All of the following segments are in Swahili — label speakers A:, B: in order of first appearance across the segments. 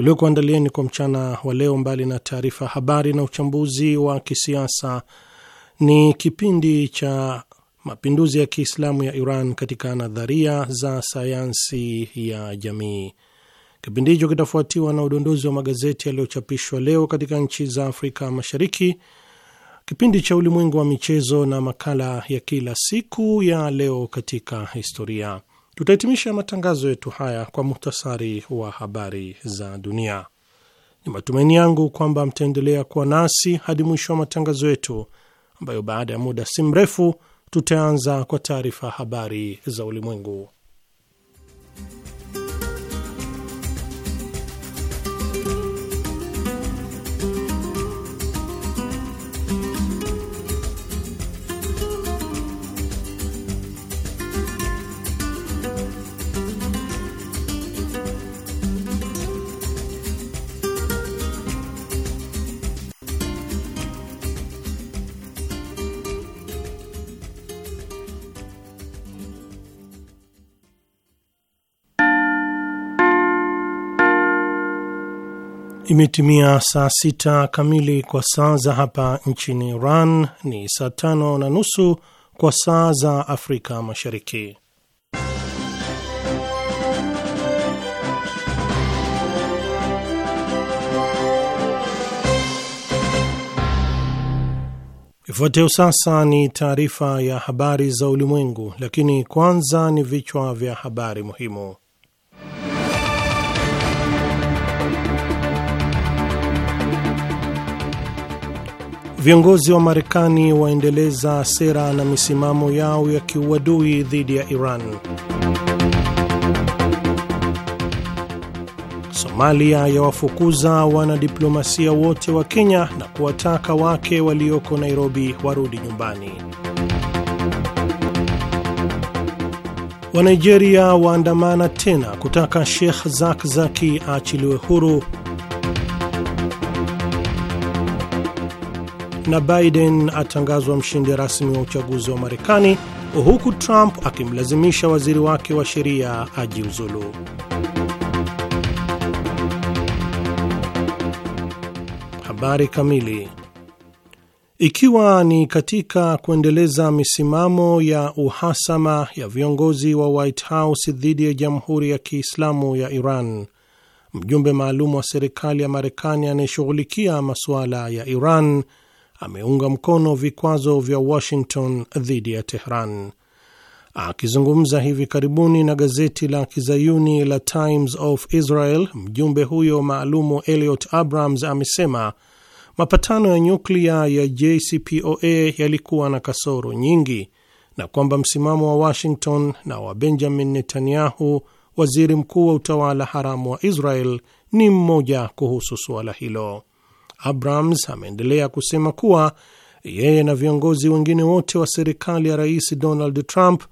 A: tuliokuandalieni kwa mchana wa leo, mbali na taarifa habari na uchambuzi wa kisiasa, ni kipindi cha mapinduzi ya Kiislamu ya Iran katika nadharia za sayansi ya jamii. Kipindi hicho kitafuatiwa na udondozi wa magazeti yaliyochapishwa leo katika nchi za Afrika Mashariki, kipindi cha ulimwengu wa michezo na makala ya kila siku ya leo katika historia. Tutahitimisha matangazo yetu haya kwa muhtasari wa habari za dunia. Ni matumaini yangu kwamba mtaendelea kuwa nasi hadi mwisho wa matangazo yetu, ambayo baada ya muda si mrefu tutaanza kwa taarifa habari za ulimwengu. Imetimia saa sita kamili kwa saa za hapa nchini Iran, ni saa tano na nusu kwa saa za Afrika Mashariki. Ifuatayo sasa ni taarifa ya habari za ulimwengu, lakini kwanza ni vichwa vya habari muhimu. Viongozi wa Marekani waendeleza sera na misimamo yao ya kiuadui dhidi ya Iran. Somalia yawafukuza wanadiplomasia wote wa Kenya na kuwataka wake walioko Nairobi warudi nyumbani. Wanigeria waandamana tena kutaka Sheikh Zakzaki aachiliwe huru. na Biden atangazwa mshindi rasmi wa uchaguzi wa Marekani, huku Trump akimlazimisha waziri wake wa sheria ajiuzulu. Habari kamili. Ikiwa ni katika kuendeleza misimamo ya uhasama ya viongozi wa White House dhidi ya Jamhuri ya Kiislamu ya Iran, mjumbe maalum wa serikali ya Marekani anayeshughulikia masuala ya Iran ameunga mkono vikwazo vya Washington dhidi ya Tehran. Akizungumza hivi karibuni na gazeti la kizayuni la Times of Israel, mjumbe huyo maalumu Elliot Abrams amesema mapatano ya nyuklia ya JCPOA yalikuwa na kasoro nyingi na kwamba msimamo wa Washington na wa Benjamin Netanyahu, waziri mkuu wa utawala haramu wa Israel, ni mmoja kuhusu suala hilo. Abrams ameendelea kusema kuwa yeye na viongozi wengine wote wa serikali ya Rais Donald Trump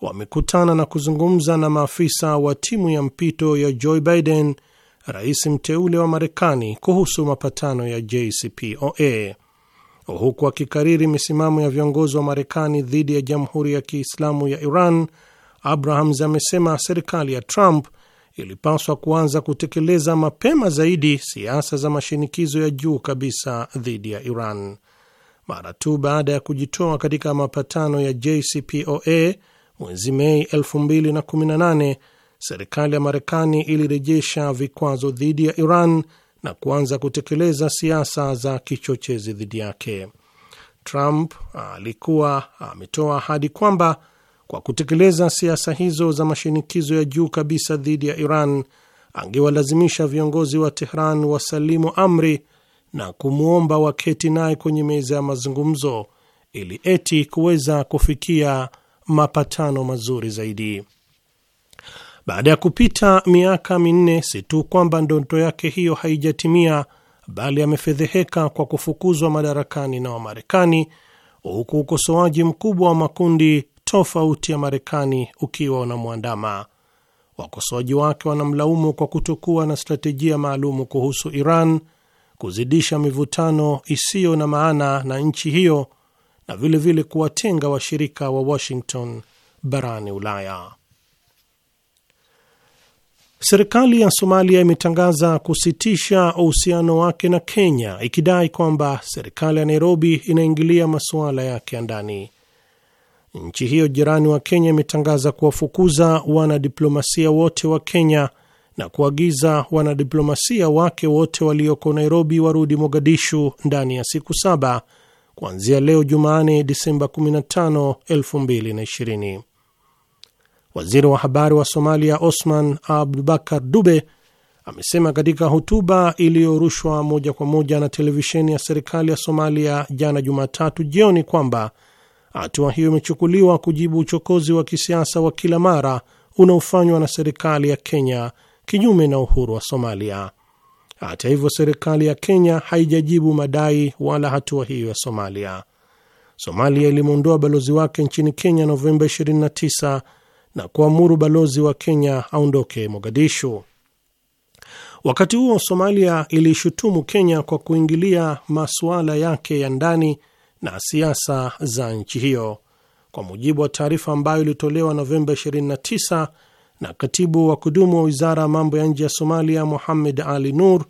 A: wamekutana na kuzungumza na maafisa wa timu ya mpito ya Joe Biden, rais mteule wa Marekani, kuhusu mapatano ya JCPOA huku akikariri misimamo ya viongozi wa Marekani dhidi ya Jamhuri ya Kiislamu ya Iran. Abrahams amesema serikali ya Trump ilipaswa kuanza kutekeleza mapema zaidi siasa za mashinikizo ya juu kabisa dhidi ya Iran. Mara tu baada ya kujitoa katika mapatano ya JCPOA mwezi Mei 2018, serikali ya Marekani ilirejesha vikwazo dhidi ya Iran na kuanza kutekeleza siasa za kichochezi dhidi yake. Trump alikuwa ametoa ahadi kwamba kwa kutekeleza siasa hizo za mashinikizo ya juu kabisa dhidi ya Iran angewalazimisha viongozi wa Tehran wasalimu amri na kumwomba waketi naye kwenye meza ya mazungumzo ili eti kuweza kufikia mapatano mazuri zaidi. Baada ya kupita miaka minne, si tu kwamba ndoto yake hiyo haijatimia, bali amefedheheka kwa kufukuzwa madarakani na Wamarekani, huku ukosoaji mkubwa wa makundi tofauti ya Marekani ukiwa unamwandama. Wakosoaji wake wanamlaumu kwa kutokuwa na stratejia maalumu kuhusu Iran, kuzidisha mivutano isiyo na maana na nchi hiyo na vilevile kuwatenga washirika wa Washington barani Ulaya. Serikali ya Somalia imetangaza kusitisha uhusiano wake na Kenya ikidai kwamba serikali ya Nairobi inaingilia masuala yake ya ndani. Nchi hiyo jirani wa Kenya imetangaza kuwafukuza wanadiplomasia wote wa Kenya na kuagiza wanadiplomasia wake wote walioko Nairobi warudi Mogadishu ndani ya siku saba kuanzia leo Jumane, Disemba 15, 2020. Waziri wa habari wa Somalia Osman Abdubakar Dube amesema katika hotuba iliyorushwa moja kwa moja na televisheni ya serikali ya Somalia jana Jumatatu jioni kwamba Hatua hiyo imechukuliwa kujibu uchokozi wa kisiasa wa kila mara unaofanywa na serikali ya Kenya kinyume na uhuru wa Somalia. Hata hivyo, serikali ya Kenya haijajibu madai wala hatua hiyo ya Somalia. Somalia ilimwondoa balozi wake nchini Kenya Novemba 29 na kuamuru balozi wa Kenya aondoke Mogadishu. Wakati huo Somalia ilishutumu Kenya kwa kuingilia masuala yake ya ndani na siasa za nchi hiyo, kwa mujibu wa taarifa ambayo ilitolewa Novemba 29 na katibu wa kudumu wa wizara ya mambo ya nje ya Somalia, muhammed Ali Nur.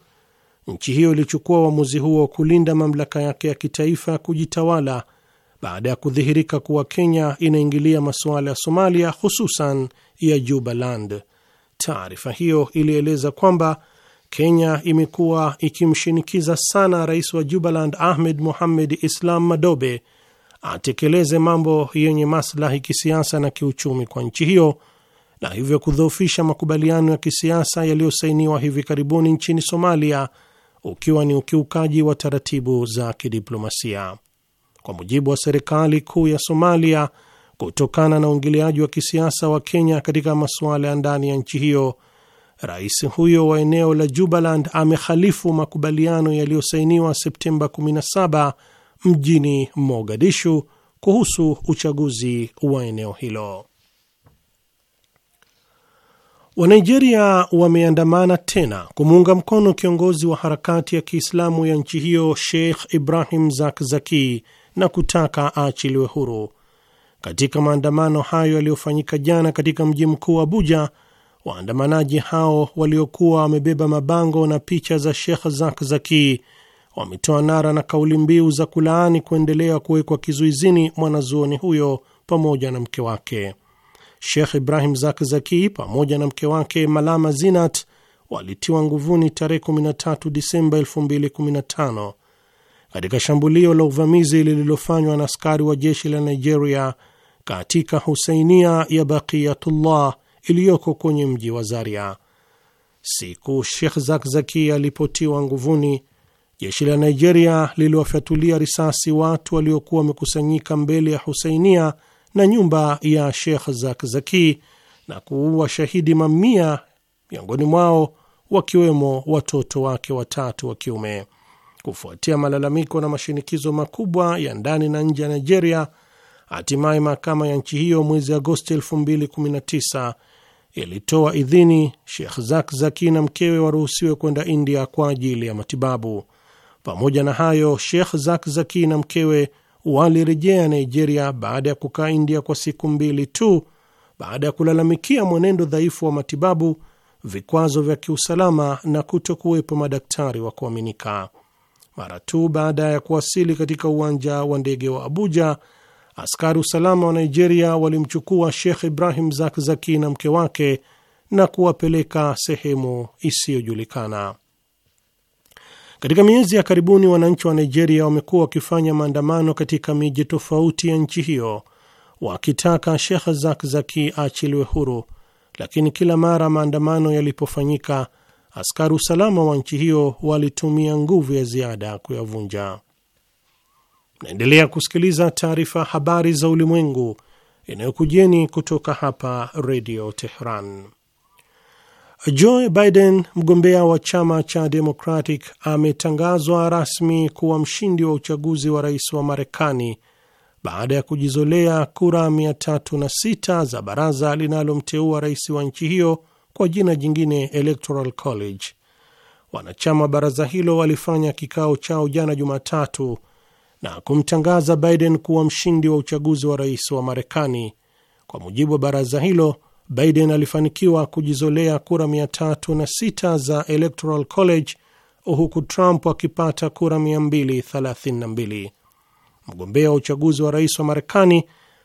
A: Nchi hiyo ilichukua uamuzi huo kulinda mamlaka yake ya kitaifa ya kujitawala baada ya kudhihirika kuwa Kenya inaingilia masuala ya Somalia, hususan ya Jubaland. Taarifa hiyo ilieleza kwamba Kenya imekuwa ikimshinikiza sana rais wa Jubaland Ahmed Mohamed Islam Madobe atekeleze mambo yenye maslahi kisiasa na kiuchumi kwa nchi hiyo na hivyo kudhoofisha makubaliano ya kisiasa yaliyosainiwa hivi karibuni nchini Somalia, ukiwa ni ukiukaji wa taratibu za kidiplomasia. Kwa mujibu wa serikali kuu ya Somalia, kutokana na uingiliaji wa kisiasa wa Kenya katika masuala ya ndani ya nchi hiyo Rais huyo wa eneo la Jubaland amehalifu makubaliano yaliyosainiwa Septemba 17 mjini Mogadishu kuhusu uchaguzi wa eneo hilo. Wanigeria wameandamana tena kumuunga mkono kiongozi wa harakati ya Kiislamu ya nchi hiyo Sheikh Ibrahim Zakzaki na kutaka aachiliwe huru. Katika maandamano hayo yaliyofanyika jana katika mji mkuu Abuja, Waandamanaji hao waliokuwa wamebeba mabango na picha za shekh Zakzaki wametoa nara na kauli mbiu za kulaani kuendelea kuwekwa kizuizini mwanazuoni huyo pamoja na mke wake. shekh Ibrahim Zakzaki pamoja na mke wake Malama Zinat walitiwa nguvuni tarehe 13 Disemba 2015 katika shambulio la uvamizi lililofanywa na askari wa jeshi la Nigeria katika Husainia ya Baqiyatullah iliyoko kwenye mji wa Zaria. Siku shekh Zakzaki alipotiwa nguvuni, jeshi la Nigeria liliwafyatulia risasi watu waliokuwa wamekusanyika mbele ya Husainia na nyumba ya shekh Zakzaki na kuua shahidi mamia, miongoni mwao wakiwemo watoto wake watatu wa kiume. Kufuatia malalamiko na mashinikizo makubwa ya ndani na nje ya Nigeria, hatimaye mahakama ya nchi hiyo mwezi Agosti 2019 ilitoa idhini Sheikh Zakzaki na mkewe waruhusiwe kwenda India kwa ajili ya matibabu. Pamoja na hayo, Sheikh Zakzaki na mkewe walirejea Nigeria baada ya kukaa India kwa siku mbili tu baada ya kulalamikia mwenendo dhaifu wa matibabu, vikwazo vya kiusalama na kuto kuwepo madaktari wa kuaminika. Mara tu baada ya kuwasili katika uwanja wa ndege wa Abuja, askari usalama wa Nigeria walimchukua Sheikh Ibrahim Zakzaki na mke wake na kuwapeleka sehemu isiyojulikana. Katika miezi ya karibuni, wananchi wa Nigeria wamekuwa wakifanya maandamano katika miji tofauti ya nchi hiyo wakitaka Sheikh Zakzaki aachiliwe huru, lakini kila mara maandamano yalipofanyika, askari usalama wa nchi hiyo walitumia nguvu ya ziada kuyavunja. Naendelea kusikiliza taarifa habari za ulimwengu inayokujeni kutoka hapa redio Tehran. Joe Biden, mgombea wa chama cha Democratic, ametangazwa rasmi kuwa mshindi wa uchaguzi wa rais wa Marekani baada ya kujizolea kura 306 za baraza linalomteua rais wa nchi hiyo kwa jina jingine Electoral College. Wanachama baraza hilo walifanya kikao chao jana Jumatatu na kumtangaza Biden kuwa mshindi wa uchaguzi wa rais wa Marekani. Kwa mujibu wa baraza hilo, Biden alifanikiwa kujizolea kura 306 za Electoral College huku Trump akipata kura 232. Mgombea wa uchaguzi wa rais wa Marekani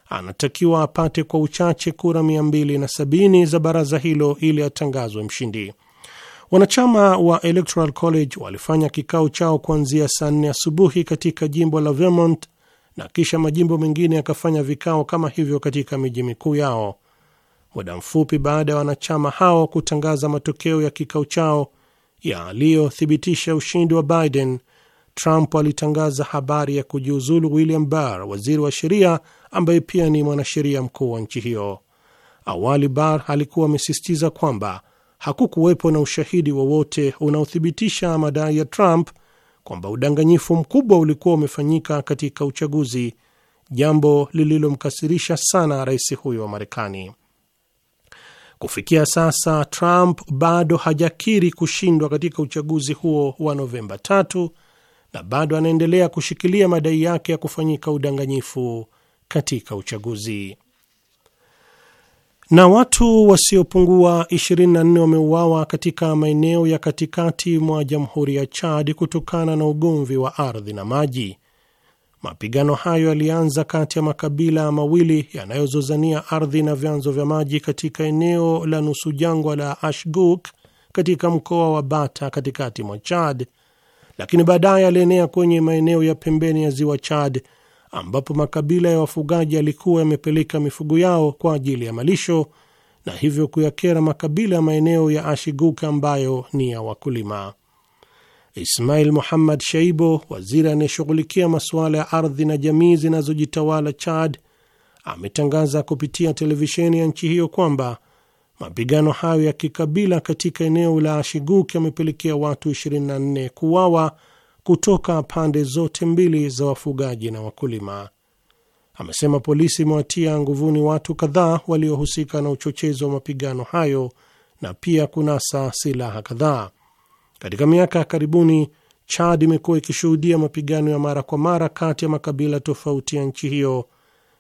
A: anatakiwa apate kwa uchache kura 270 za baraza hilo ili atangazwe mshindi. Wanachama wa Electoral College walifanya kikao chao kuanzia saa nne asubuhi katika jimbo la Vermont na kisha majimbo mengine yakafanya vikao kama hivyo katika miji mikuu yao. Muda mfupi baada ya wanachama hao kutangaza matokeo ya kikao chao yaliyothibitisha ushindi wa Biden, Trump alitangaza habari ya kujiuzulu William Barr, waziri wa sheria ambaye pia ni mwanasheria mkuu wa nchi hiyo. Awali, Barr alikuwa amesisitiza kwamba hakukuwepo na ushahidi wowote unaothibitisha madai ya Trump kwamba udanganyifu mkubwa ulikuwa umefanyika katika uchaguzi, jambo lililomkasirisha sana rais huyo wa Marekani. Kufikia sasa, Trump bado hajakiri kushindwa katika uchaguzi huo wa Novemba tatu na bado anaendelea kushikilia madai yake ya kufanyika udanganyifu katika uchaguzi na watu wasiopungua 24 wameuawa katika maeneo ya katikati mwa jamhuri ya Chad kutokana na ugomvi wa ardhi na maji. Mapigano hayo yalianza kati ya makabila mawili yanayozozania ardhi na vyanzo vya maji katika eneo la nusu jangwa la Ashguk katika mkoa wa Bata katikati mwa Chad, lakini baadaye alienea kwenye maeneo ya pembeni ya ziwa Chad ambapo makabila ya wafugaji yalikuwa yamepeleka mifugo yao kwa ajili ya malisho na hivyo kuyakera makabila ya maeneo ya ashiguk ambayo ni ya wakulima. Ismail Muhammad Shaibo, waziri anayeshughulikia masuala ya ardhi na jamii zinazojitawala Chad, ametangaza kupitia televisheni ya nchi hiyo kwamba mapigano hayo ya kikabila katika eneo la Ashiguk yamepelekea watu 24 kuuawa kutoka pande zote mbili za wafugaji na wakulima. Amesema polisi imewatia nguvuni watu kadhaa waliohusika na uchochezi wa mapigano hayo na pia kunasa silaha kadhaa. Katika miaka ya karibuni, Chad imekuwa ikishuhudia mapigano ya mara kwa mara kati ya makabila tofauti ya nchi hiyo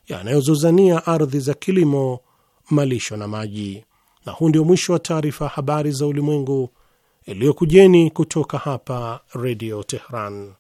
A: yanayozozania ardhi za kilimo, malisho na maji. Na huu ndio mwisho wa taarifa habari za ulimwengu iliyokujeni kutoka hapa Redio Tehran.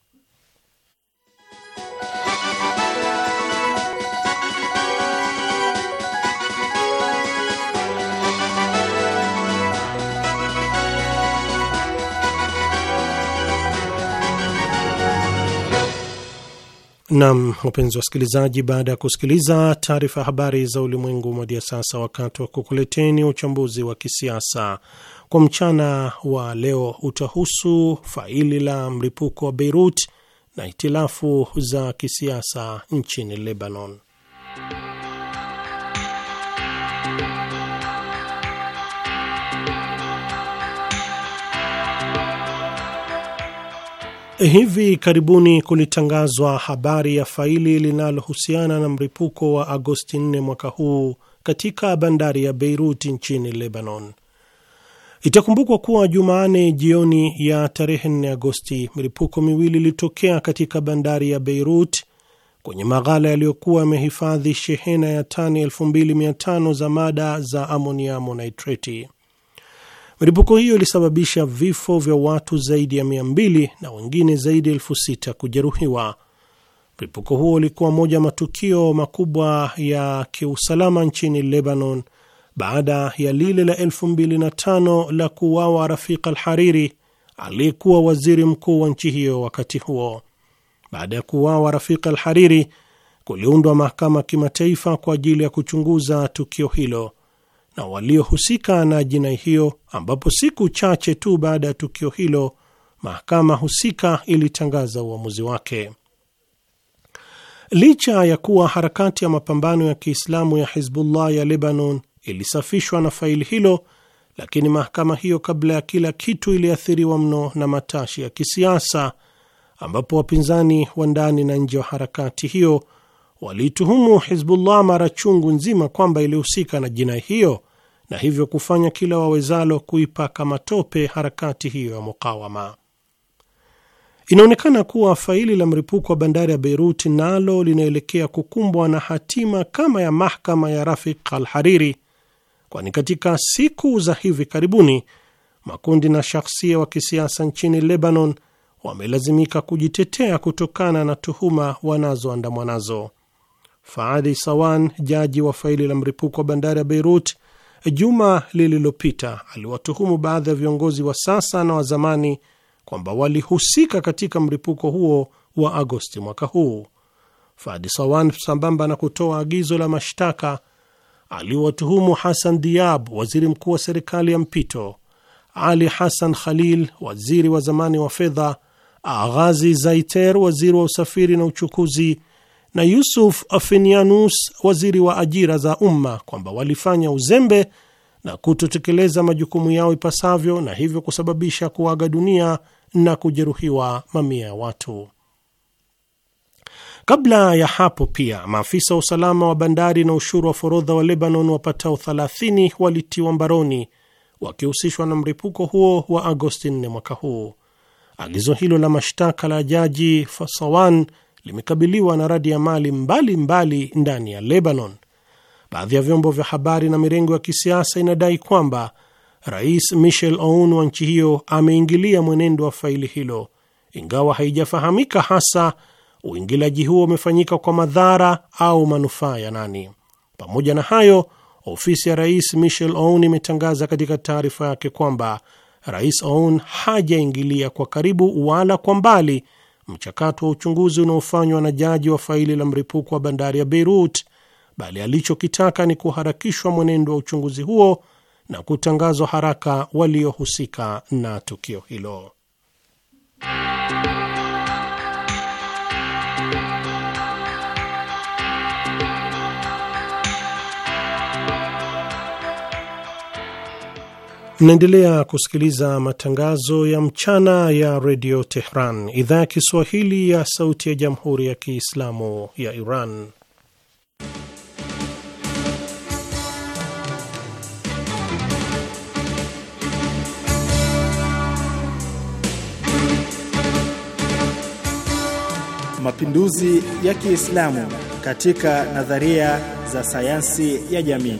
A: Nam, wapenzi wasikilizaji, baada ya kusikiliza taarifa ya habari za ulimwengu, moja sasa wakati wa kukuleteni uchambuzi wa kisiasa kwa mchana wa leo utahusu faili la mlipuko wa Beirut na hitilafu za kisiasa nchini Lebanon. Hivi karibuni kulitangazwa habari ya faili linalohusiana na mripuko wa Agosti 4 mwaka huu katika bandari ya Beirut nchini Lebanon. Itakumbukwa kuwa Jumanne jioni ya tarehe 4 Agosti, milipuko miwili ilitokea katika bandari ya Beirut kwenye maghala yaliyokuwa yamehifadhi shehena ya tani 2500 za mada za amoniamo nitreti. Milipuko hiyo ilisababisha vifo vya watu zaidi ya 200 na wengine zaidi ya elfu kujeruhiwa. Mlipuko huo ulikuwa moja matukio makubwa ya kiusalama nchini Lebanon baada ya lile la 2005 la kuuawa Rafiq al-Hariri aliyekuwa waziri mkuu wa nchi hiyo wakati huo. Baada ya kuuawa Rafiq al-Hariri, kuliundwa mahakama kimataifa kwa ajili ya kuchunguza tukio hilo na waliohusika na jinai hiyo, ambapo siku chache tu baada ya tukio hilo mahakama husika ilitangaza uamuzi wake. Licha ya kuwa harakati ya mapambano ya Kiislamu ya Hizbullah ya Lebanon ilisafishwa na faili hilo, lakini mahakama hiyo kabla ya kila kitu iliathiriwa mno na matashi ya kisiasa, ambapo wapinzani wa ndani na nje wa harakati hiyo waliituhumu Hizbullah mara chungu nzima kwamba ilihusika na jinai hiyo na hivyo kufanya kila wawezalo kuipaka matope harakati hiyo ya mukawama. Inaonekana kuwa faili la mripuko wa bandari ya Beiruti nalo linaelekea kukumbwa na hatima kama ya mahakama ya Rafik al Hariri kwani katika siku za hivi karibuni makundi na shahsia wa kisiasa nchini Lebanon wamelazimika kujitetea kutokana na tuhuma wanazoandamwa nazo. Faadi Sawan, jaji wa faili la mripuko wa bandari ya Beirut, juma lililopita aliwatuhumu baadhi ya viongozi wa sasa na wa zamani kwamba walihusika katika mripuko huo wa Agosti mwaka huu. Faadi Sawan, sambamba na kutoa agizo la mashtaka aliwatuhumu Hasan Diab, waziri mkuu wa serikali ya mpito, Ali Hasan Khalil, waziri wa zamani wa fedha, Aghazi Zaiter, waziri wa usafiri na uchukuzi, na Yusuf Afinianus, waziri wa ajira za umma, kwamba walifanya uzembe na kutotekeleza majukumu yao ipasavyo na hivyo kusababisha kuaga dunia na kujeruhiwa mamia ya watu. Kabla ya hapo pia maafisa wa usalama wa bandari na ushuru wa forodha wa Lebanon wapatao 30 walitiwa mbaroni wakihusishwa na mlipuko huo wa Agosti 4 mwaka huu. Agizo hilo la mashtaka la jaji Fasawan limekabiliwa na radi ya mali mbalimbali ndani ya Lebanon. Baadhi ya vyombo vya habari na mirengo ya kisiasa inadai kwamba Rais Michel Aoun wa nchi hiyo ameingilia mwenendo wa faili hilo, ingawa haijafahamika hasa uingilaji huo umefanyika kwa madhara au manufaa ya nani. Pamoja na hayo, ofisi ya rais Michel Aoun imetangaza katika taarifa yake kwamba Rais Aoun hajaingilia kwa karibu wala kwa mbali mchakato wa uchunguzi unaofanywa na jaji wa faili la mripuko wa bandari ya Beirut, bali alichokitaka ni kuharakishwa mwenendo wa uchunguzi huo na kutangazwa haraka waliohusika na tukio hilo. Mnaendelea kusikiliza matangazo ya mchana ya redio Tehran, idhaa ya Kiswahili ya sauti ya jamhuri ya Kiislamu ya Iran.
B: Mapinduzi ya Kiislamu katika nadharia za sayansi ya jamii.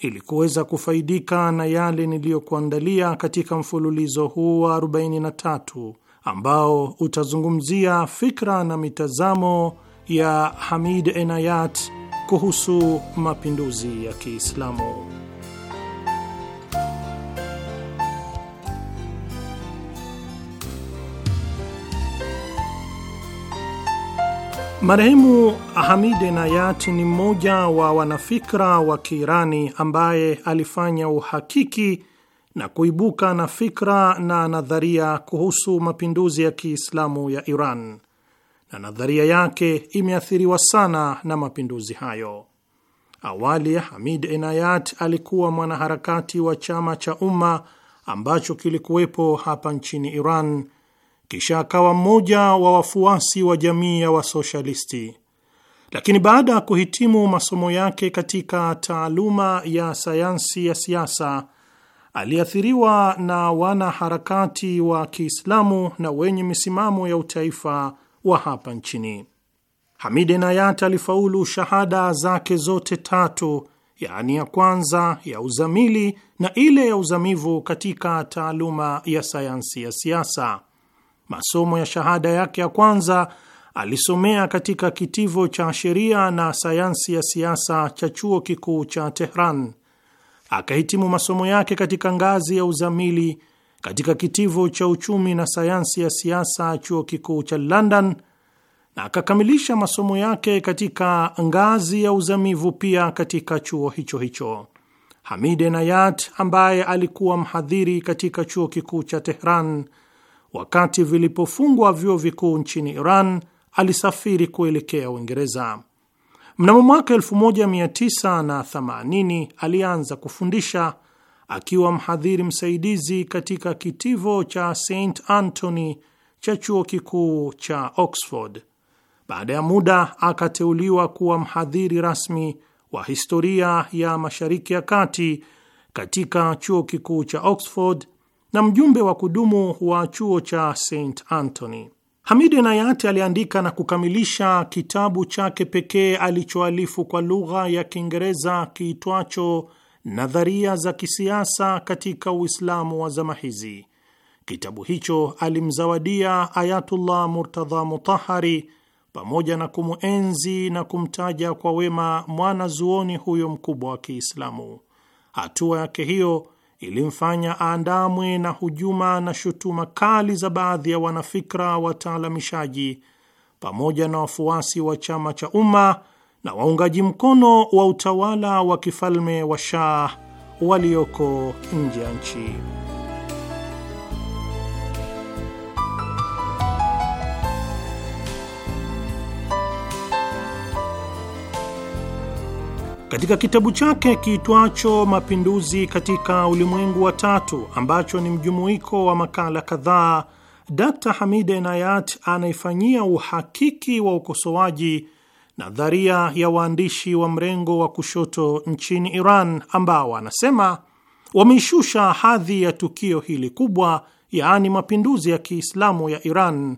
A: ili kuweza kufaidika na yale niliyokuandalia katika mfululizo huu wa 43 ambao utazungumzia fikra na mitazamo ya Hamid Enayat kuhusu mapinduzi ya Kiislamu. Marehemu Hamid Enayat ni mmoja wa wanafikra wa Kiirani ambaye alifanya uhakiki na kuibuka na fikra na nadharia kuhusu mapinduzi ya Kiislamu ya Iran, na nadharia yake imeathiriwa sana na mapinduzi hayo. Awali Hamid Enayat alikuwa mwanaharakati wa chama cha Umma ambacho kilikuwepo hapa nchini Iran kisha akawa mmoja wa wafuasi wa jamii ya wasoshalisti. Lakini baada ya kuhitimu masomo yake katika taaluma ya sayansi ya siasa, aliathiriwa na wanaharakati wa Kiislamu na wenye misimamo ya utaifa wa hapa nchini. Hamid Enayat alifaulu shahada zake zote tatu, yaani ya kwanza, ya uzamili na ile ya uzamivu katika taaluma ya sayansi ya siasa. Masomo ya shahada yake ya kwanza alisomea katika kitivo cha sheria na sayansi ya siasa cha chuo kikuu cha Tehran. Akahitimu masomo yake katika ngazi ya uzamili katika kitivo cha uchumi na sayansi ya siasa chuo kikuu cha London na akakamilisha masomo yake katika ngazi ya uzamivu pia katika chuo hicho hicho. Hamid Enayat ambaye alikuwa mhadhiri katika chuo kikuu cha Tehran wakati vilipofungwa vyuo vikuu nchini Iran, alisafiri kuelekea Uingereza. Mnamo mwaka 1980 alianza kufundisha akiwa mhadhiri msaidizi katika kitivo cha St Anthony cha chuo kikuu cha Oxford. Baada ya muda akateuliwa kuwa mhadhiri rasmi wa historia ya Mashariki ya Kati katika chuo kikuu cha Oxford na mjumbe wa kudumu wa chuo cha St Anthony. Hamid nayati aliandika na kukamilisha kitabu chake pekee alichoalifu kwa lugha ya Kiingereza kiitwacho Nadharia za Kisiasa katika Uislamu wa Zama Hizi. Kitabu hicho alimzawadia Ayatullah Murtadha Mutahari pamoja na kumuenzi na kumtaja kwa wema mwanazuoni huyo mkubwa wa Kiislamu. Hatua yake hiyo ilimfanya aandamwe na hujuma na shutuma kali za baadhi ya wanafikra wataalamishaji pamoja na wafuasi wa chama cha umma na waungaji mkono wa utawala wa kifalme wa Shah walioko nje ya nchi. Katika kitabu chake kiitwacho Mapinduzi katika Ulimwengu wa Tatu, ambacho ni mjumuiko wa makala kadhaa, Dr Hamid Enayat anaifanyia uhakiki wa ukosoaji nadharia ya waandishi wa mrengo wa kushoto nchini Iran ambao anasema wameishusha hadhi ya tukio hili kubwa, yaani mapinduzi ya Kiislamu ya Iran,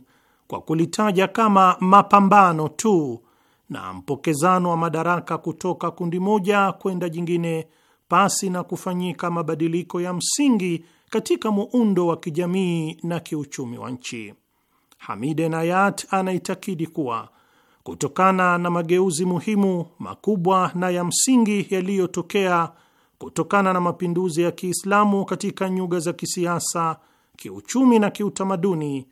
A: kwa kulitaja kama mapambano tu na mpokezano wa madaraka kutoka kundi moja kwenda jingine pasi na kufanyika mabadiliko ya msingi katika muundo wa kijamii na kiuchumi wa nchi. Hamid nayat anaitakidi kuwa kutokana na mageuzi muhimu makubwa na ya msingi yaliyotokea kutokana na mapinduzi ya Kiislamu katika nyuga za kisiasa, kiuchumi na kiutamaduni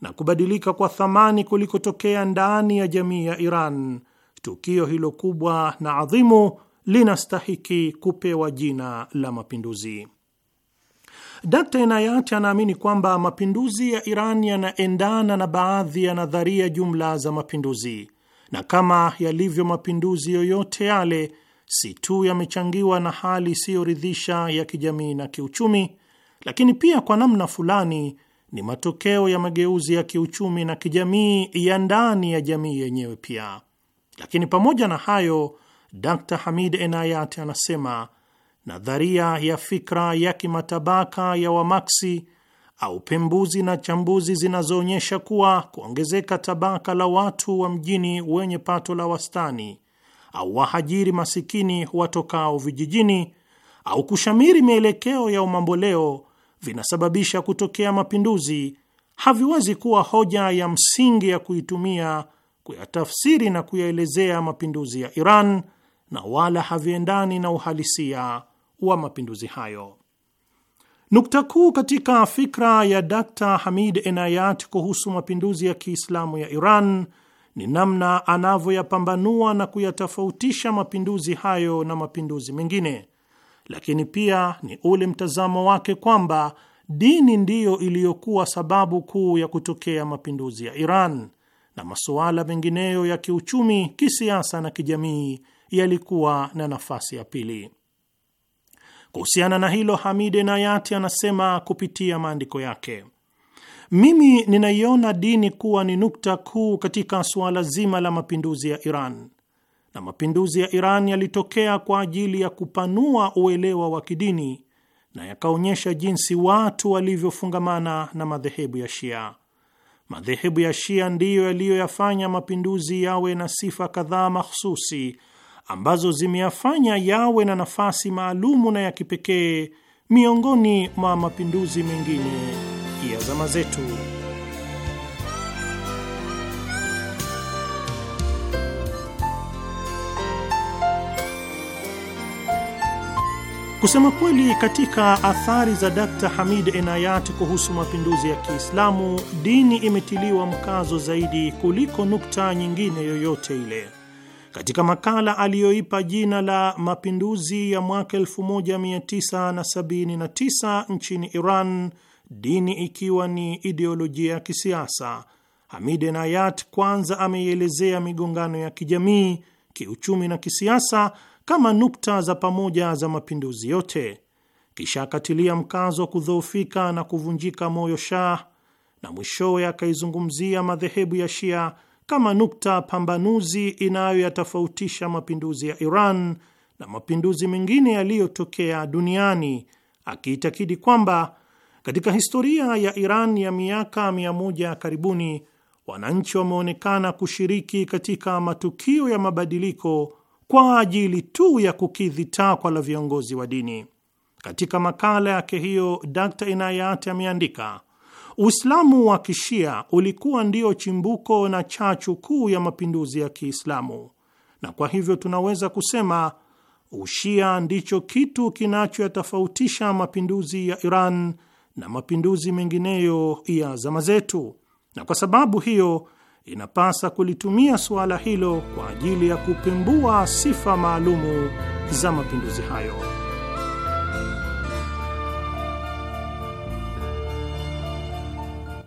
A: na kubadilika kwa thamani kulikotokea ndani ya jamii ya Iran, tukio hilo kubwa na adhimu linastahiki kupewa jina la mapinduzi. Dkt Inayati anaamini kwamba mapinduzi ya Iran yanaendana na baadhi ya nadharia jumla za mapinduzi, na kama yalivyo mapinduzi yoyote yale, si tu yamechangiwa na hali isiyoridhisha ya kijamii na kiuchumi, lakini pia kwa namna fulani ni matokeo ya mageuzi ya kiuchumi na kijamii ya ndani ya jamii yenyewe pia. Lakini pamoja na hayo, Dr Hamid Enayat anasema nadharia ya fikra ya kimatabaka ya Wamaksi au pembuzi na chambuzi zinazoonyesha kuwa kuongezeka tabaka la watu wa mjini wenye pato la wastani au wahajiri masikini watokao vijijini au kushamiri mielekeo ya umamboleo vinasababisha kutokea mapinduzi haviwezi kuwa hoja ya msingi ya kuitumia kuyatafsiri na kuyaelezea mapinduzi ya Iran na wala haviendani na uhalisia wa mapinduzi hayo. Nukta kuu katika fikra ya Dr. Hamid Enayat kuhusu mapinduzi ya Kiislamu ya Iran ni namna anavyoyapambanua na kuyatofautisha mapinduzi hayo na mapinduzi mengine lakini pia ni ule mtazamo wake kwamba dini ndiyo iliyokuwa sababu kuu ya kutokea mapinduzi ya Iran na masuala mengineyo ya kiuchumi, kisiasa na kijamii yalikuwa na nafasi ya pili. Kuhusiana na hilo, Hamid Enayati anasema kupitia maandiko yake, mimi ninaiona dini kuwa ni nukta kuu katika suala zima la mapinduzi ya Iran na mapinduzi ya Iran yalitokea kwa ajili ya kupanua uelewa wa kidini na yakaonyesha jinsi watu walivyofungamana na madhehebu ya Shia. Madhehebu ya Shia ndiyo yaliyoyafanya mapinduzi yawe na sifa kadhaa mahsusi ambazo zimeyafanya yawe na nafasi maalumu na ya kipekee miongoni mwa mapinduzi mengine ya zama zetu. Kusema kweli, katika athari za Dkt Hamid Enayat kuhusu mapinduzi ya Kiislamu, dini imetiliwa mkazo zaidi kuliko nukta nyingine yoyote ile. Katika makala aliyoipa jina la mapinduzi ya mwaka 1979 nchini Iran, dini ikiwa ni ideolojia ya kisiasa, Hamid Enayat kwanza ameielezea migongano ya kijamii, kiuchumi na kisiasa kama nukta za pamoja za mapinduzi yote, kisha akatilia mkazo wa kudhoofika na kuvunjika moyo Shah, na mwishowe akaizungumzia madhehebu ya Shia kama nukta pambanuzi inayoyatofautisha mapinduzi ya Iran na mapinduzi mengine yaliyotokea duniani, akiitakidi kwamba katika historia ya Iran ya miaka mia moja karibuni wananchi wameonekana kushiriki katika matukio ya mabadiliko kwa ajili tu ya kukidhi takwa la viongozi wa dini. Katika makala yake hiyo, d Inayati ameandika Uislamu wa kishia ulikuwa ndio chimbuko na chachu kuu ya mapinduzi ya Kiislamu, na kwa hivyo tunaweza kusema ushia ndicho kitu kinachoyatofautisha mapinduzi ya Iran na mapinduzi mengineyo ya zama zetu, na kwa sababu hiyo inapasa kulitumia suala hilo kwa ajili ya kupimbua sifa maalumu za mapinduzi hayo.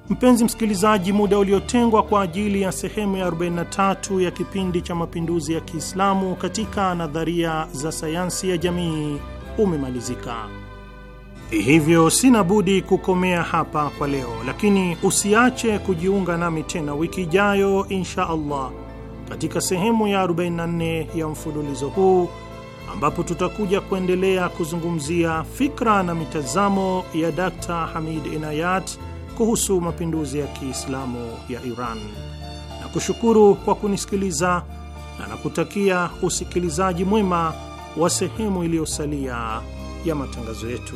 A: Mpenzi msikilizaji, muda uliotengwa kwa ajili ya sehemu ya 43 ya kipindi cha mapinduzi ya Kiislamu katika nadharia za sayansi ya jamii umemalizika. Hivyo sina budi kukomea hapa kwa leo, lakini usiache kujiunga nami tena wiki ijayo insha Allah katika sehemu ya 44 ya mfululizo huu ambapo tutakuja kuendelea kuzungumzia fikra na mitazamo ya Dkt. Hamid Inayat kuhusu mapinduzi ya Kiislamu ya Iran. Na kushukuru kwa kunisikiliza na nakutakia usikilizaji mwema wa sehemu iliyosalia ya matangazo yetu.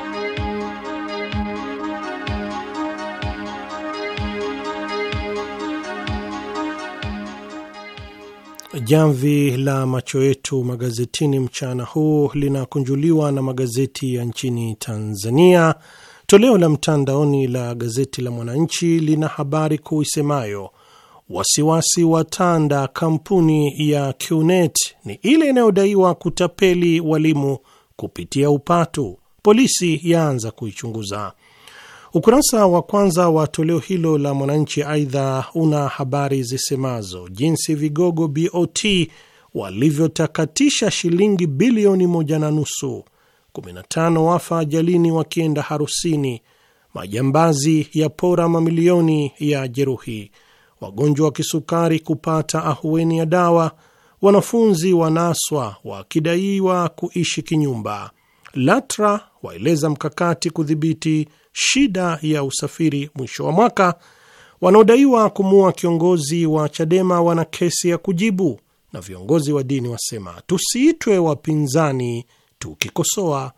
A: Jamvi la macho yetu magazetini mchana huu linakunjuliwa na magazeti ya nchini Tanzania. Toleo la mtandaoni la gazeti la Mwananchi lina habari kuu isemayo wasiwasi tanda kampuni ya QNet ni ile inayodaiwa kutapeli walimu kupitia upatu, polisi yaanza kuichunguza. Ukurasa wa kwanza wa toleo hilo la Mwananchi aidha una habari zisemazo jinsi vigogo BOT walivyotakatisha shilingi bilioni moja na nusu, 15 wafa ajalini wakienda harusini, majambazi ya pora mamilioni ya jeruhi, wagonjwa wa kisukari kupata ahueni ya dawa, wanafunzi wanaswa wakidaiwa kuishi kinyumba, LATRA waeleza mkakati kudhibiti shida ya usafiri mwisho wa mwaka, wanaodaiwa kumuua kiongozi wa Chadema wana kesi ya kujibu, na viongozi wa dini wasema tusiitwe wapinzani tukikosoa.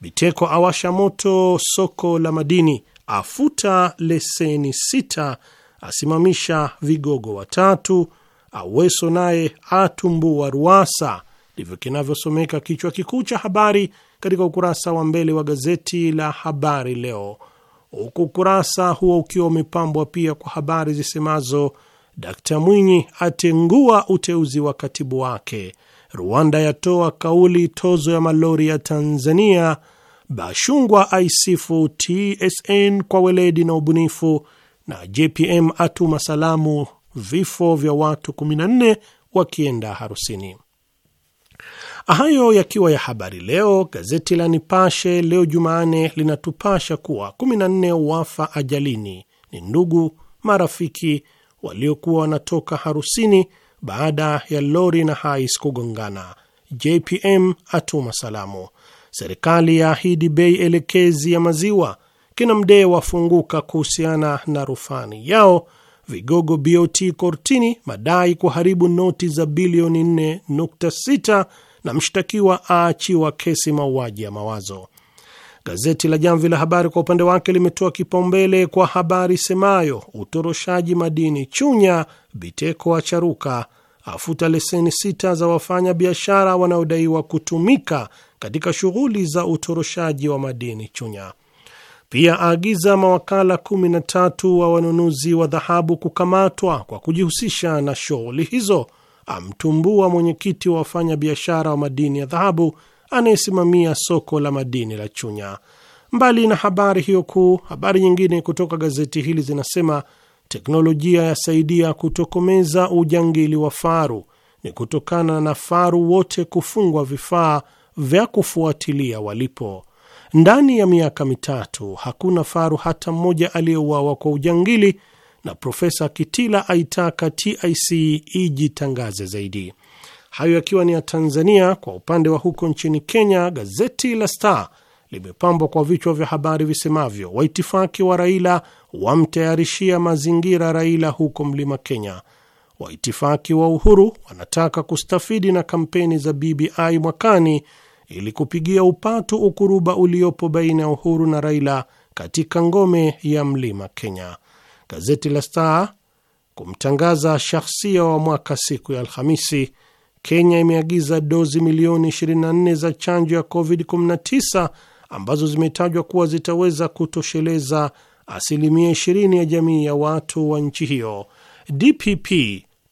A: Biteko awasha moto soko la madini, afuta leseni sita, asimamisha vigogo watatu, Aweso naye atumbua Ruasa. Ndivyo kinavyosomeka kichwa kikuu cha habari katika ukurasa wa mbele wa gazeti la Habari Leo, huku ukurasa huo ukiwa umepambwa pia kwa habari zisemazo Dkt Mwinyi atengua uteuzi wa katibu wake, Rwanda yatoa kauli tozo ya malori ya Tanzania, Bashungwa aisifu TSN kwa weledi na ubunifu, na JPM atuma salamu vifo vya watu 14 wakienda harusini. Hayo yakiwa ya habari leo. Gazeti la Nipashe leo Jumane linatupasha kuwa 14 wafa ajalini ni ndugu, marafiki waliokuwa wanatoka harusini baada ya lori na hais kugongana. JPM atuma salamu. Serikali ya ahidi bei elekezi ya maziwa. Kina Mdee wafunguka kuhusiana na rufani yao. Vigogo BOT kortini madai kuharibu noti za bilioni 4.6 na mshtakiwa aachiwa kesi mauaji ya mawazo. Gazeti la Jamvi la Habari kwa upande wake limetoa kipaumbele kwa habari semayo utoroshaji madini Chunya, Biteko acharuka, afuta leseni sita za wafanya biashara wanaodaiwa kutumika katika shughuli za utoroshaji wa madini Chunya. Pia aagiza mawakala 13 wa wanunuzi wa dhahabu kukamatwa kwa kujihusisha na shughuli hizo amtumbua mwenyekiti wa wafanya biashara wa madini ya dhahabu anayesimamia soko la madini la Chunya. Mbali na habari hiyo kuu, habari nyingine kutoka gazeti hili zinasema teknolojia yasaidia kutokomeza ujangili wa faru. Ni kutokana na faru wote kufungwa vifaa vya kufuatilia walipo. Ndani ya miaka mitatu hakuna faru hata mmoja aliyeuawa kwa ujangili na Profesa Kitila aitaka TIC ijitangaze zaidi. Hayo yakiwa ni ya Tanzania. Kwa upande wa huko nchini Kenya, gazeti la Star limepambwa kwa vichwa vya habari visemavyo: waitifaki wa Raila wamtayarishia mazingira Raila huko mlima Kenya, waitifaki wa Uhuru wanataka kustafidi na kampeni za BBI mwakani ili kupigia upatu ukuruba uliopo baina ya Uhuru na Raila katika ngome ya mlima Kenya gazeti la Star kumtangaza shahsia wa mwaka siku ya Alhamisi, Kenya imeagiza dozi milioni 24 za chanjo ya COVID-19 ambazo zimetajwa kuwa zitaweza kutosheleza asilimia 20 ya jamii ya watu wa nchi hiyo. DPP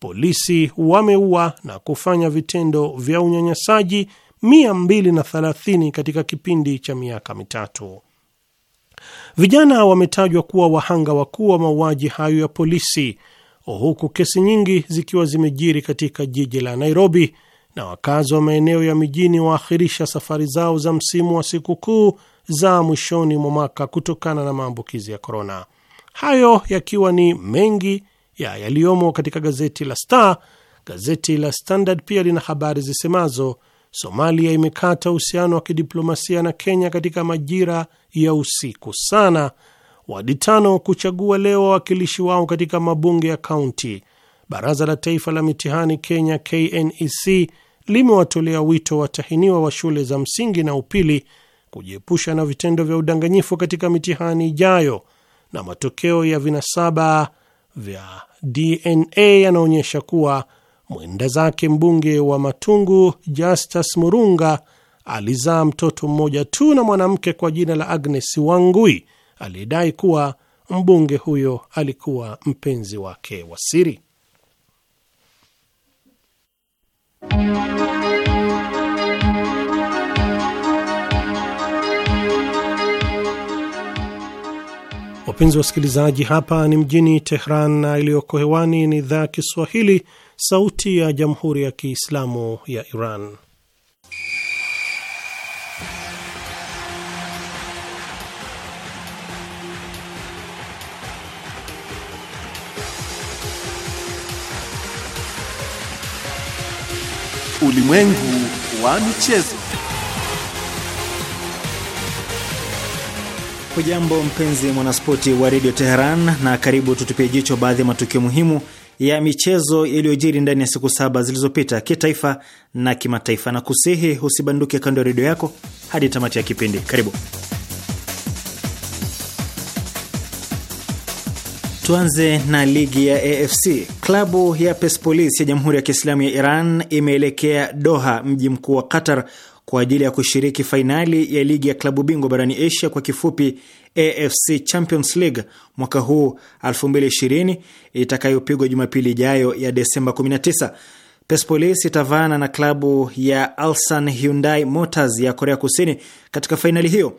A: polisi wameua na kufanya vitendo vya unyanyasaji 230 katika kipindi cha miaka mitatu. Vijana wametajwa kuwa wahanga wakuu wa mauaji hayo ya polisi, huku kesi nyingi zikiwa zimejiri katika jiji la Nairobi, na wakazi wa maeneo ya mijini waahirisha safari zao za msimu wa sikukuu za mwishoni mwa mwaka kutokana na maambukizi ya korona. Hayo yakiwa ni mengi ya yaliyomo katika gazeti la Star. Gazeti la Standard pia lina habari zisemazo Somalia imekata uhusiano wa kidiplomasia na Kenya katika majira ya usiku sana, wadi tano kuchagua leo wawakilishi wao katika mabunge ya kaunti. Baraza la Taifa la Mitihani Kenya KNEC limewatolea wito watahiniwa wa shule za msingi na upili kujiepusha na vitendo vya udanganyifu katika mitihani ijayo, na matokeo ya vinasaba vya DNA yanaonyesha kuwa mwenda zake mbunge wa Matungu Justus Murunga alizaa mtoto mmoja tu na mwanamke kwa jina la Agnes Wangui aliyedai kuwa mbunge huyo alikuwa mpenzi wake wa siri. Wapenzi wa wasikilizaji, hapa ni mjini Tehran na iliyoko hewani ni idhaa ya Kiswahili sauti ya jamhuri ya Kiislamu ya Iran.
B: Ulimwengu wa michezo. Hujambo mpenzi mwanaspoti wa redio Teheran, na karibu tutupie jicho baadhi ya matukio muhimu ya michezo iliyojiri ndani ya siku saba zilizopita kitaifa na kimataifa, na kusihi usibanduke kando ya redio yako hadi tamati ya kipindi. Karibu tuanze na ligi ya AFC. Klabu ya Persepolis ya Jamhuri ya Kiislamu ya Iran imeelekea Doha, mji mkuu wa Qatar kwa ajili ya kushiriki fainali ya ligi ya klabu bingwa barani Asia kwa kifupi AFC Champions League mwaka huu 2020 itakayopigwa Jumapili ijayo ya Desemba 19. Persepolis itavaana na klabu ya Ulsan Hyundai Motors ya Korea Kusini katika fainali hiyo.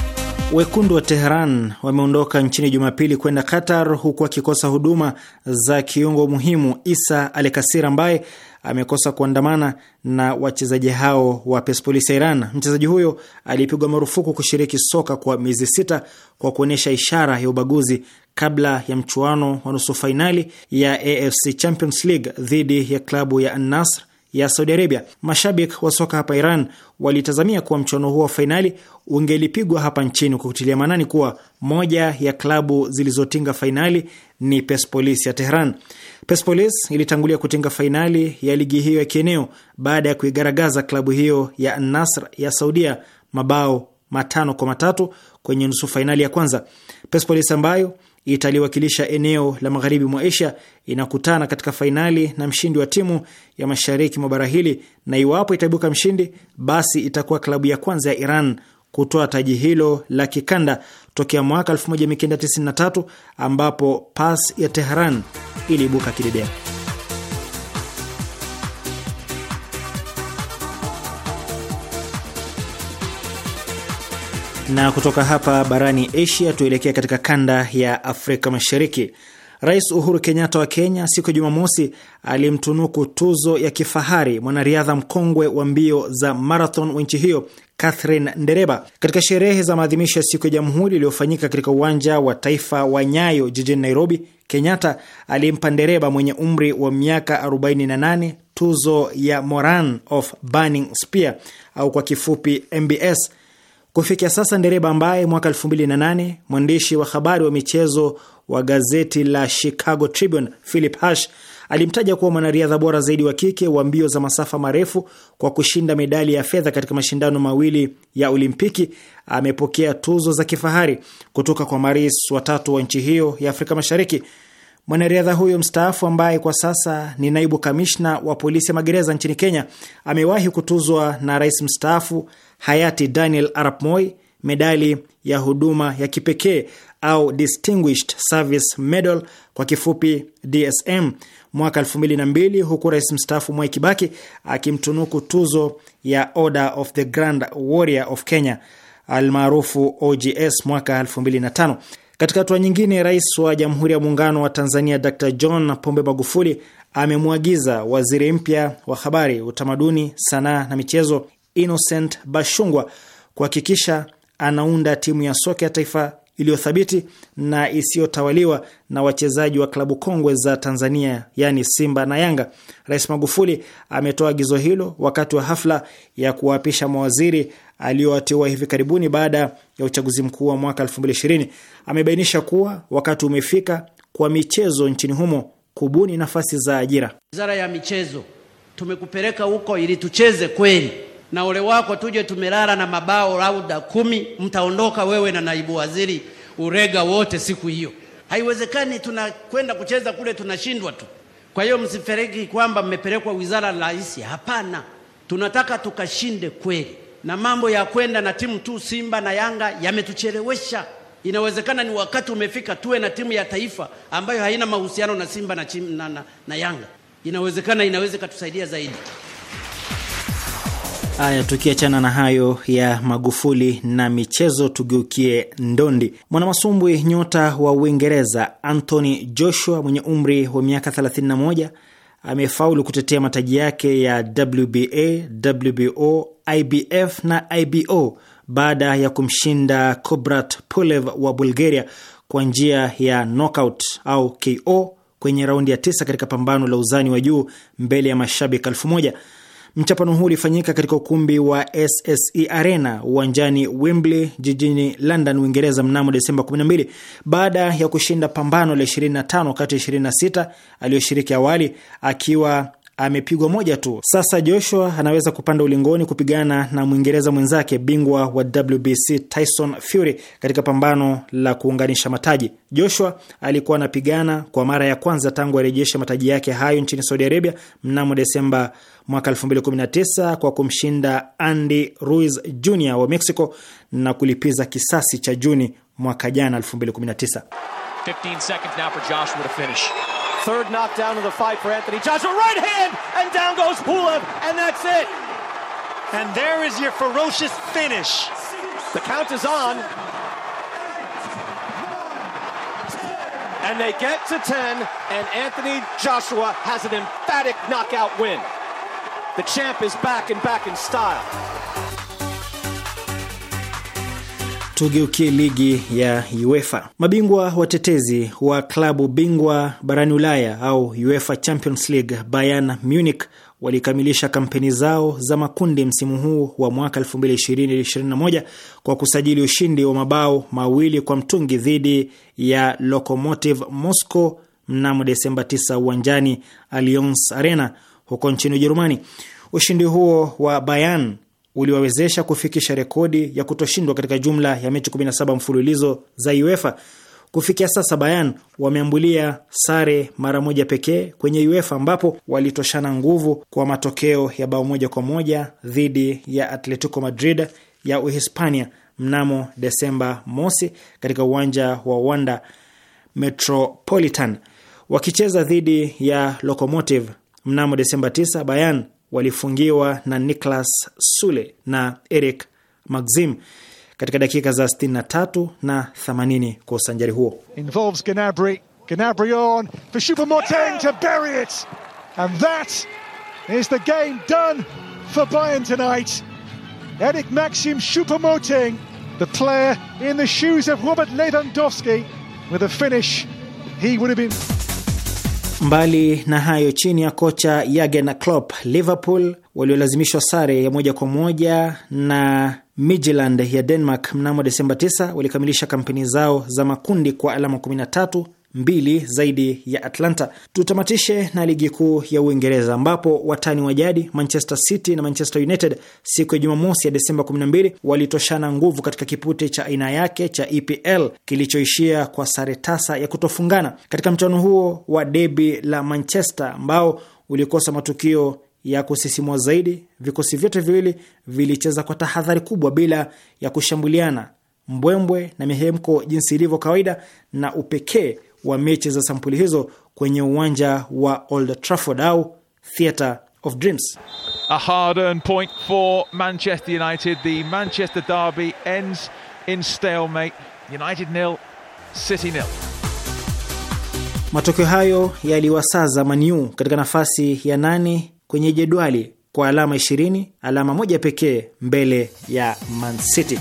B: Wekundu wa Teheran wameondoka nchini Jumapili kwenda Qatar, huku akikosa huduma za kiungo muhimu Isa Alekasir ambaye amekosa kuandamana na wachezaji hao wa Persepolis ya Iran. Mchezaji huyo alipigwa marufuku kushiriki soka kwa miezi sita kwa kuonyesha ishara ya ubaguzi kabla ya mchuano wa nusu fainali ya AFC Champions League dhidi ya klabu ya Nasr ya Saudi Arabia. Mashabik wa soka hapa Iran walitazamia kuwa mchuano huo wa fainali ungelipigwa hapa nchini kwa kutilia maanani kuwa moja ya klabu zilizotinga fainali ni Persepolis ya Tehran. Persepolis ilitangulia kutinga fainali ya ligi hiyo ya kieneo baada ya kuigaragaza klabu hiyo ya nasr ya Saudia mabao matano kwa matatu kwenye nusu fainali ya kwanza. Persepolis ambayo italiwakilisha eneo la magharibi mwa Asia, inakutana katika fainali na mshindi wa timu ya mashariki mwa bara hili, na iwapo itaibuka mshindi, basi itakuwa klabu ya kwanza ya Iran kutoa taji hilo la kikanda tokea mwaka 1993 ambapo PAS ya Tehran iliibuka kidedea. Na kutoka hapa barani Asia tuelekea katika kanda ya Afrika Mashariki. Rais Uhuru Kenyatta wa Kenya siku ya Jumamosi alimtunuku tuzo ya kifahari mwanariadha mkongwe wa mbio za marathon wa nchi hiyo Catherine Ndereba katika sherehe za maadhimisho ya siku ya Jamhuri iliyofanyika katika uwanja wa taifa wa Nyayo jijini Nairobi. Kenyatta alimpa Ndereba mwenye umri wa miaka 48 tuzo ya Moran of Burning Spear au kwa kifupi MBS Kufikia sasa Ndereba, ambaye mwaka 2008 mwandishi wa habari wa michezo wa gazeti la Chicago Tribune Philip Hash alimtaja kuwa mwanariadha bora zaidi wa kike wa mbio za masafa marefu kwa kushinda medali ya fedha katika mashindano mawili ya Olimpiki, amepokea tuzo za kifahari kutoka kwa marais watatu wa nchi hiyo ya Afrika Mashariki. Mwanariadha huyo mstaafu ambaye kwa sasa ni naibu kamishna wa polisi ya magereza nchini Kenya amewahi kutuzwa na rais mstaafu hayati Daniel Arap Moi medali ya huduma ya kipekee au Distinguished Service Medal kwa kifupi DSM mwaka 2002, huku rais mstaafu Mwai Kibaki akimtunuku tuzo ya Order of the Grand Warrior of Kenya almaarufu OGS mwaka 2005. Katika hatua nyingine, rais wa Jamhuri ya Muungano wa Tanzania Dr. John Pombe Magufuli amemwagiza waziri mpya wa habari, utamaduni, sanaa na michezo Innocent Bashungwa kuhakikisha anaunda timu ya soka ya taifa iliyothabiti na isiyotawaliwa na wachezaji wa klabu kongwe za Tanzania, yani Simba na Yanga. Rais Magufuli ametoa agizo hilo wakati wa hafla ya kuwaapisha mawaziri aliyowateua hivi karibuni baada ya uchaguzi mkuu wa mwaka 2020. Amebainisha kuwa wakati umefika kwa michezo nchini humo kubuni nafasi za ajira. Wizara ya michezo tumekupeleka huko ili tucheze kweli na ole wako tuje tumelala na mabao lauda kumi, mtaondoka wewe na naibu waziri urega wote siku hiyo. Haiwezekani, tunakwenda kucheza kule tunashindwa tu. Kwa hiyo msifereki kwamba mmepelekwa wizara rahisi, hapana. Tunataka tukashinde kweli, na mambo ya kwenda na timu tu Simba na Yanga yametuchelewesha. Inawezekana ni wakati umefika tuwe na timu ya taifa ambayo haina mahusiano na Simba na, na, na, na Yanga. Inawezekana inaweza ikatusaidia zaidi. Haya, tukiachana na hayo ya Magufuli na michezo, tugeukie ndondi. Mwanamasumbwi nyota wa Uingereza Anthony Joshua mwenye umri wa miaka 31 amefaulu kutetea mataji yake ya WBA, WBO, IBF na IBO baada ya kumshinda Kubrat Pulev wa Bulgaria kwa njia ya knockout au KO kwenye raundi ya tisa katika pambano la uzani wa juu mbele ya mashabiki elfu moja. Mchapano huu ulifanyika katika ukumbi wa SSE Arena uwanjani Wembley jijini London, Uingereza mnamo Desemba 12 baada ya kushinda pambano la 25 kati ya 26 aliyoshiriki awali akiwa amepigwa moja tu. Sasa Joshua anaweza kupanda ulingoni kupigana na Mwingereza mwenzake bingwa wa WBC Tyson Fury katika pambano la kuunganisha mataji. Joshua alikuwa anapigana kwa mara ya kwanza tangu arejeshe mataji yake hayo nchini Saudi Arabia mnamo Desemba mwaka 2019 kwa kumshinda Andy Ruiz Jr wa Mexico na kulipiza kisasi cha Juni mwaka jana 2019. 15
C: seconds now for Joshua to finish. Third knockdown of the fight for Anthony Joshua. Right hand, and down goes Pulev, and that's it.
D: And there is your ferocious finish. The count is on. And they get to 10, and Anthony Joshua has an emphatic knockout win. The champ is back and back in style.
B: Tugeukie ligi ya UEFA. Mabingwa watetezi wa klabu bingwa barani Ulaya au UEFA Champions League, Bayern Munich walikamilisha kampeni zao za makundi msimu huu wa mwaka 2020-2021 kwa kusajili ushindi wa mabao mawili kwa mtungi dhidi ya Lokomotiv Moscow mnamo Desemba 9 uwanjani Allianz Arena huko nchini Ujerumani. Ushindi huo wa Bayern uliwawezesha kufikisha rekodi ya kutoshindwa katika jumla ya mechi 17 mfululizo za UEFA. Kufikia sasa Bayan wameambulia sare mara moja pekee kwenye UEFA ambapo walitoshana nguvu kwa matokeo ya bao moja kwa moja dhidi ya Atletico Madrid ya Uhispania mnamo Desemba mosi katika uwanja wa Wanda Metropolitan. Wakicheza dhidi ya Locomotive mnamo Desemba 9, Bayan walifungiwa na Niklas Sule na Eric Maxim katika dakika za 63 na 80 kwa usanjari huo. Involves Gnabry. Gnabry on for Choupo-Moting
D: to bury it. And that is the game done for Bayern tonight. Eric Maxim Choupo-Moting, the player in the shoes of Robert Lewandowski with a finish he would have been
B: Mbali na hayo, chini ya kocha Jurgen Klopp, Liverpool waliolazimishwa sare ya moja kwa moja na Midtjylland ya Denmark mnamo Desemba 9 walikamilisha kampeni zao za makundi kwa alama 13 mbili zaidi ya Atlanta. Tutamatishe na ligi kuu ya Uingereza ambapo watani wa jadi Manchester City na Manchester United siku ya Jumamosi ya Desemba 12 walitoshana nguvu katika kipute cha aina yake cha EPL kilichoishia kwa sare tasa ya kutofungana. Katika mchuano huo wa debi la Manchester ambao ulikosa matukio ya kusisimua zaidi, vikosi vyote viwili vilicheza kwa tahadhari kubwa bila ya kushambuliana, mbwembwe na mihemko jinsi ilivyo kawaida na upekee wa mechi za sampuli hizo kwenye uwanja wa Old Trafford au Theatre of Dreams.
D: A hard earned point for Manchester United. The Manchester derby ends in stalemate. United nil, City nil.
B: Matokeo hayo yaliwasaza Maniu katika nafasi ya nane kwenye jedwali kwa alama 20, alama moja pekee mbele ya Man City.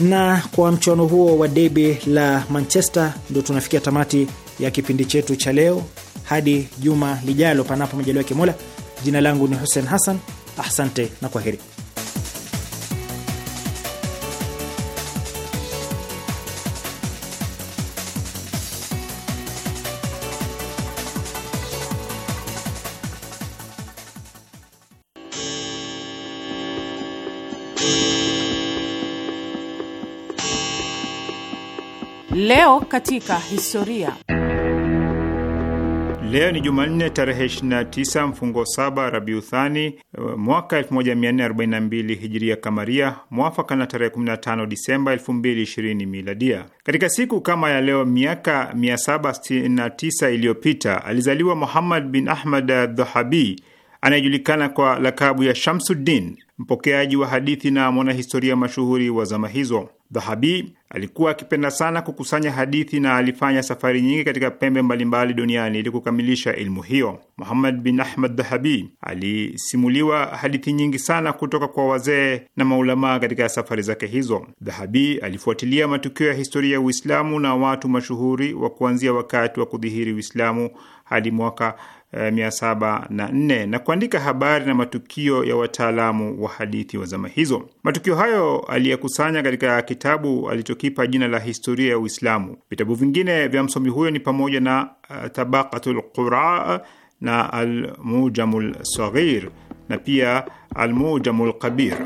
B: Na kwa mchuano huo wa debi la Manchester ndio tunafikia tamati ya kipindi chetu cha leo. Hadi juma lijalo, panapo majaliwa kimola Jina langu ni Hussein Hassan, asante na kwa heri Leo
D: katika historia.
E: Leo ni Jumanne tarehe 29 mfungo saba Rabiuthani eh, mwaka 1442 hijiria kamaria, mwafaka na tarehe 15 Disemba 2020 miladia. Katika siku kama ya leo miaka 769 iliyopita alizaliwa Muhammad bin Ahmad Dhahabi anayejulikana kwa lakabu ya Shamsuddin, mpokeaji wa hadithi na mwanahistoria mashuhuri wa zama hizo. Dhahabi alikuwa akipenda sana kukusanya hadithi na alifanya safari nyingi katika pembe mbalimbali duniani ili kukamilisha elimu hiyo. Muhammad bin Ahmad Dhahabi alisimuliwa hadithi nyingi sana kutoka kwa wazee na maulamaa katika safari zake hizo. Dhahabi alifuatilia matukio ya historia ya Uislamu na watu mashuhuri wa kuanzia wakati wa kudhihiri Uislamu hadi mwaka mia saba na nne na kuandika habari na matukio ya wataalamu wa hadithi wa zama hizo. Matukio hayo aliyekusanya katika kitabu alichokipa jina la Historia ya Uislamu. Vitabu vingine vya msomi huyo ni pamoja na uh, Tabaqatul Qura na Almujamul Saghir na pia Almujamul Kabir.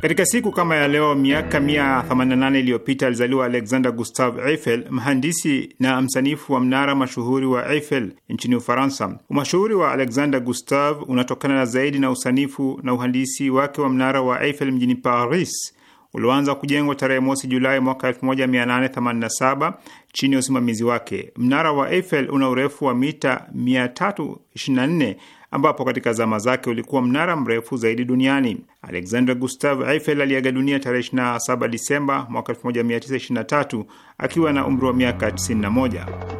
E: Katika siku kama ya leo miaka 188 iliyopita alizaliwa Alexander Gustave Eiffel, mhandisi na msanifu wa mnara mashuhuri wa Eiffel nchini Ufaransa. Umashuhuri wa Alexander Gustave unatokana na zaidi na usanifu na uhandisi wake wa mnara wa Eiffel mjini Paris ulioanza kujengwa tarehe mosi Julai mwaka 1887 chini ya usimamizi wake. Mnara wa Eiffel una urefu wa mita 324 ambapo katika zama zake ulikuwa mnara mrefu zaidi duniani. Alexander Gustav Eiffel aliaga dunia tarehe 27 Disemba mwaka 1923 akiwa na umri wa miaka 91.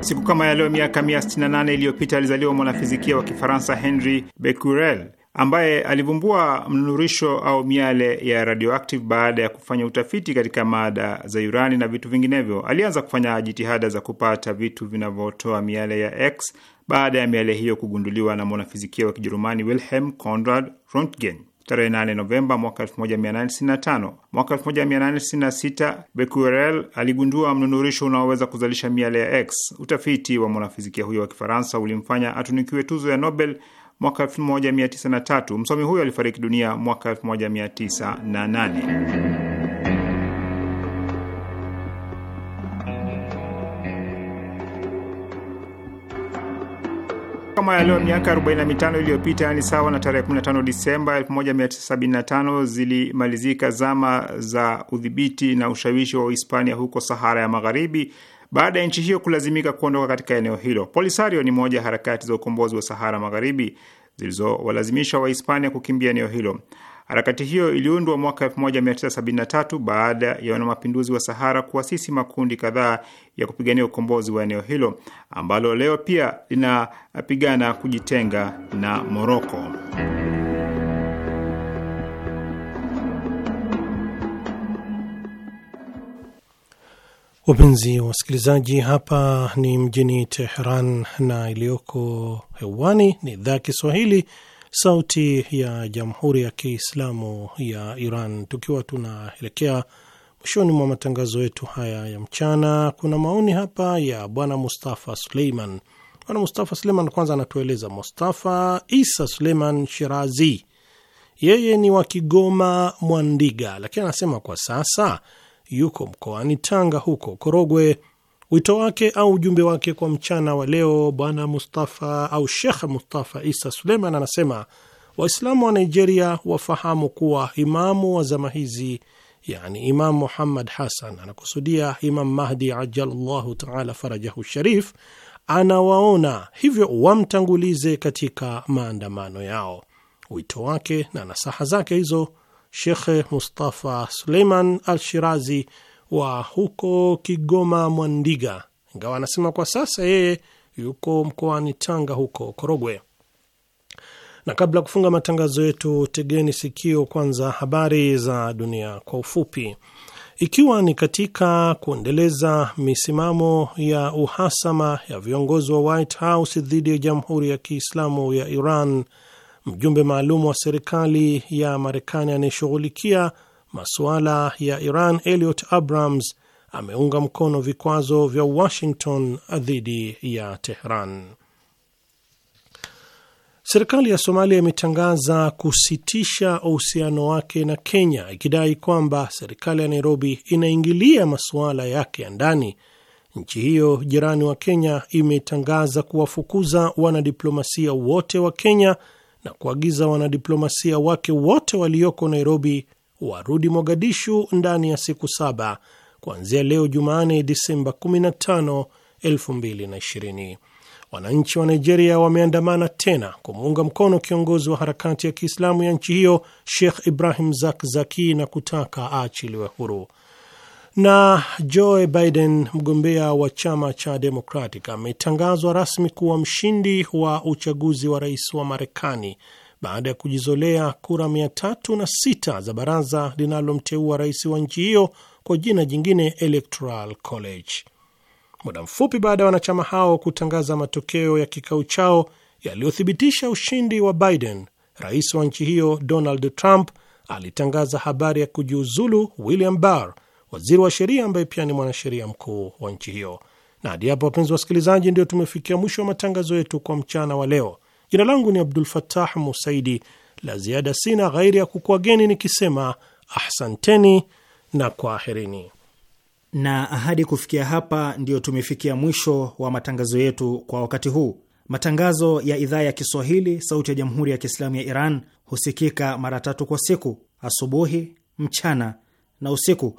E: Siku kama ya leo miaka 168 iliyopita alizaliwa mwanafizikia wa Kifaransa Henri Becquerel ambaye alivumbua mnunurisho au miale ya radioactive baada ya kufanya utafiti katika mada za urani na vitu vinginevyo. Alianza kufanya jitihada za kupata vitu vinavyotoa miale ya X baada ya miale hiyo kugunduliwa na mwanafizikia wa Kijerumani Wilhelm Conrad Rontgen tarehe 8 Novemba mwaka 1895. Mwaka 1896 Becquerel aligundua mnunurisho unaoweza kuzalisha miale ya X. Utafiti wa mwanafizikia huyo wa Kifaransa ulimfanya atunikiwe tuzo ya Nobel mwaka 1903. Msomi huyo alifariki dunia mwaka 1908. Kama ya leo miaka 45 iliyopita, yani sawa na tarehe 15 Disemba 1975 zilimalizika zama za udhibiti na ushawishi wa Uhispania huko Sahara ya Magharibi baada ya nchi hiyo kulazimika kuondoka katika eneo hilo. Polisario ni moja ya harakati za ukombozi wa Sahara Magharibi zilizowalazimisha Wahispania kukimbia eneo hilo. Harakati hiyo iliundwa mwaka 1973 baada ya wanamapinduzi wa Sahara kuasisi makundi kadhaa ya kupigania ukombozi wa eneo hilo ambalo leo pia linapigana kujitenga na Moroko.
A: Wapenzi wasikilizaji, hapa ni mjini Teheran na iliyoko hewani ni idhaa Kiswahili sauti ya jamhuri ya Kiislamu ya Iran. Tukiwa tunaelekea mwishoni mwa matangazo yetu haya ya mchana, kuna maoni hapa ya bwana Mustafa Suleiman. Bwana Mustafa Suleiman kwanza anatueleza, Mustafa Isa Suleiman Shirazi, yeye ni wa Kigoma Mwandiga, lakini anasema kwa sasa yuko mkoani Tanga huko Korogwe. Wito wake au ujumbe wake kwa mchana wa leo, Bwana Mustafa au Shekh Mustafa Isa Suleiman anasema Waislamu wa Nigeria wafahamu kuwa imamu wa zama hizi, yani Imam Muhammad Hassan, anakusudia Imam Mahdi ajalallahu taala farajahu sharif, anawaona hivyo wamtangulize katika maandamano yao. Wito wake na nasaha zake hizo Shekhe Mustafa Suleiman al Shirazi wa huko Kigoma Mwandiga, ingawa anasema kwa sasa yeye yuko mkoani Tanga huko Korogwe. Na kabla ya kufunga matangazo yetu, tegeni sikio kwanza habari za dunia kwa ufupi. Ikiwa ni katika kuendeleza misimamo ya uhasama ya viongozi wa White House dhidi ya Jamhuri ya Kiislamu ya Iran, Mjumbe maalum wa serikali ya Marekani anayeshughulikia masuala ya Iran Elliot Abrams ameunga mkono vikwazo vya Washington dhidi ya Tehran. Serikali ya Somalia imetangaza kusitisha uhusiano wake na Kenya ikidai kwamba serikali ya Nairobi inaingilia masuala yake ya ndani. Nchi hiyo jirani wa Kenya imetangaza kuwafukuza wanadiplomasia wote wa Kenya na kuagiza wanadiplomasia wake wote walioko Nairobi warudi Mogadishu ndani ya siku saba kuanzia leo Jumanne, Disemba 15, 2020. Wananchi wa Nigeria wameandamana tena kumuunga mkono kiongozi wa harakati ya Kiislamu ya nchi hiyo Sheikh Ibrahim Zakzaki na kutaka aachiliwe huru. Na Joe Biden, mgombea wa chama cha Democratic, ametangazwa rasmi kuwa mshindi wa uchaguzi wa rais wa Marekani baada ya kujizolea kura 36 za baraza linalomteua rais wa nchi hiyo kwa jina jingine Electoral College. Muda mfupi baada ya wanachama hao kutangaza matokeo ya kikao chao yaliyothibitisha ushindi wa Biden, rais wa nchi hiyo Donald Trump alitangaza habari ya kujiuzulu William Barr waziri wa sheria ambaye pia ni mwanasheria mkuu wa nchi hiyo. Na hadi hapo, wapenzi wasikilizaji, ndio tumefikia mwisho wa matangazo yetu kwa mchana wa leo. Jina langu ni Abdul fatah Musaidi. La ziada sina ghairi ya kukuageni nikisema
B: ahsanteni na kwaherini. Na ahadi kufikia hapa, ndiyo tumefikia mwisho wa matangazo yetu kwa wakati huu. Matangazo ya idhaa ya Kiswahili sauti ya jamhuri ya Kiislamu ya Iran husikika mara tatu kwa siku: asubuhi, mchana na usiku